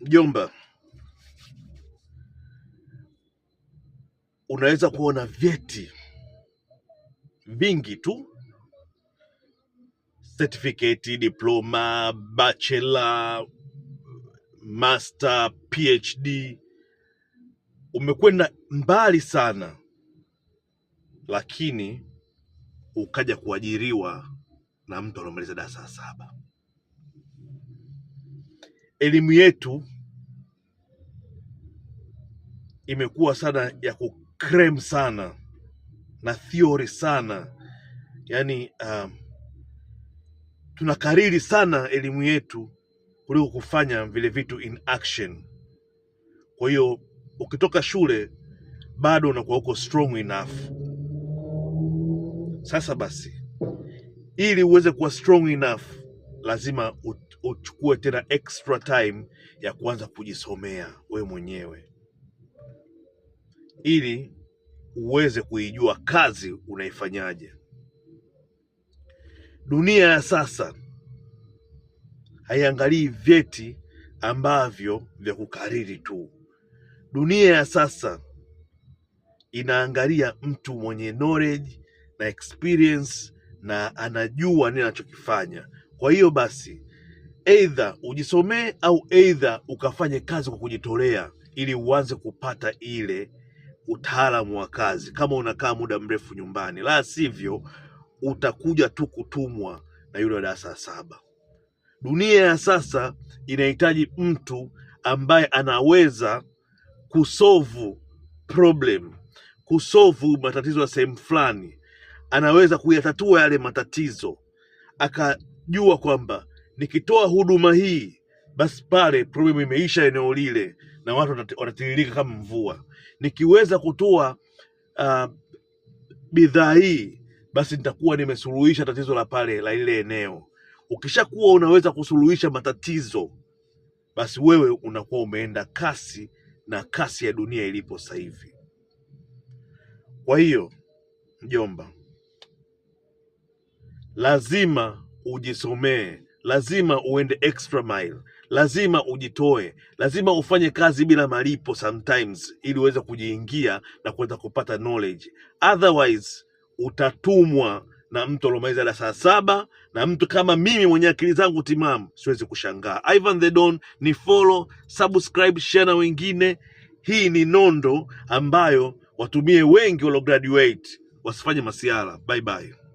Mjomba, unaweza kuona vyeti vingi tu, certificate, diploma, bachelor, master, PhD. Umekwenda mbali sana, lakini ukaja kuajiriwa na mtu anamaliza darasa la saba elimu yetu imekuwa sana ya kukrem sana na theory sana, yaani um, tunakariri sana elimu yetu kuliko kufanya vile vitu in action. Kwa hiyo ukitoka shule bado unakuwa uko strong enough. Sasa basi, ili uweze kuwa strong enough lazima uchukue tena extra time ya kuanza kujisomea we mwenyewe ili uweze kuijua kazi unaifanyaje. Dunia ya sasa haiangalii vyeti ambavyo vya kukariri tu. Dunia ya sasa inaangalia mtu mwenye knowledge na experience na anajua nini anachokifanya. Kwa hiyo basi Eidha ujisomee au eidha ukafanye kazi kwa kujitolea, ili uanze kupata ile utaalamu wa kazi, kama unakaa muda mrefu nyumbani. La sivyo utakuja tu kutumwa na yule wa darasa la saba. Dunia ya sasa inahitaji mtu ambaye anaweza kusovu problem, kusovu matatizo ya sehemu fulani, anaweza kuyatatua yale matatizo, akajua kwamba nikitoa huduma hii basi pale problem imeisha eneo lile na watu watatiririka kama mvua. Nikiweza kutoa uh, bidhaa hii basi nitakuwa nimesuluhisha tatizo la pale la ile eneo. Ukishakuwa unaweza kusuluhisha matatizo, basi wewe unakuwa umeenda kasi na kasi ya dunia ilipo sasa hivi. Kwa hiyo mjomba, lazima ujisomee lazima uende extra mile, lazima ujitoe, lazima ufanye kazi bila malipo sometimes, ili uweze kujiingia na kuweza kupata knowledge. Otherwise utatumwa na mtu aliomaliza da saa saba na mtu kama mimi mwenye akili zangu timamu siwezi kushangaa. Ivan the Don ni follow, subscribe, share na wengine. Hii ni nondo ambayo watumie wengi waliograduate wasifanye masiara. Bye bye.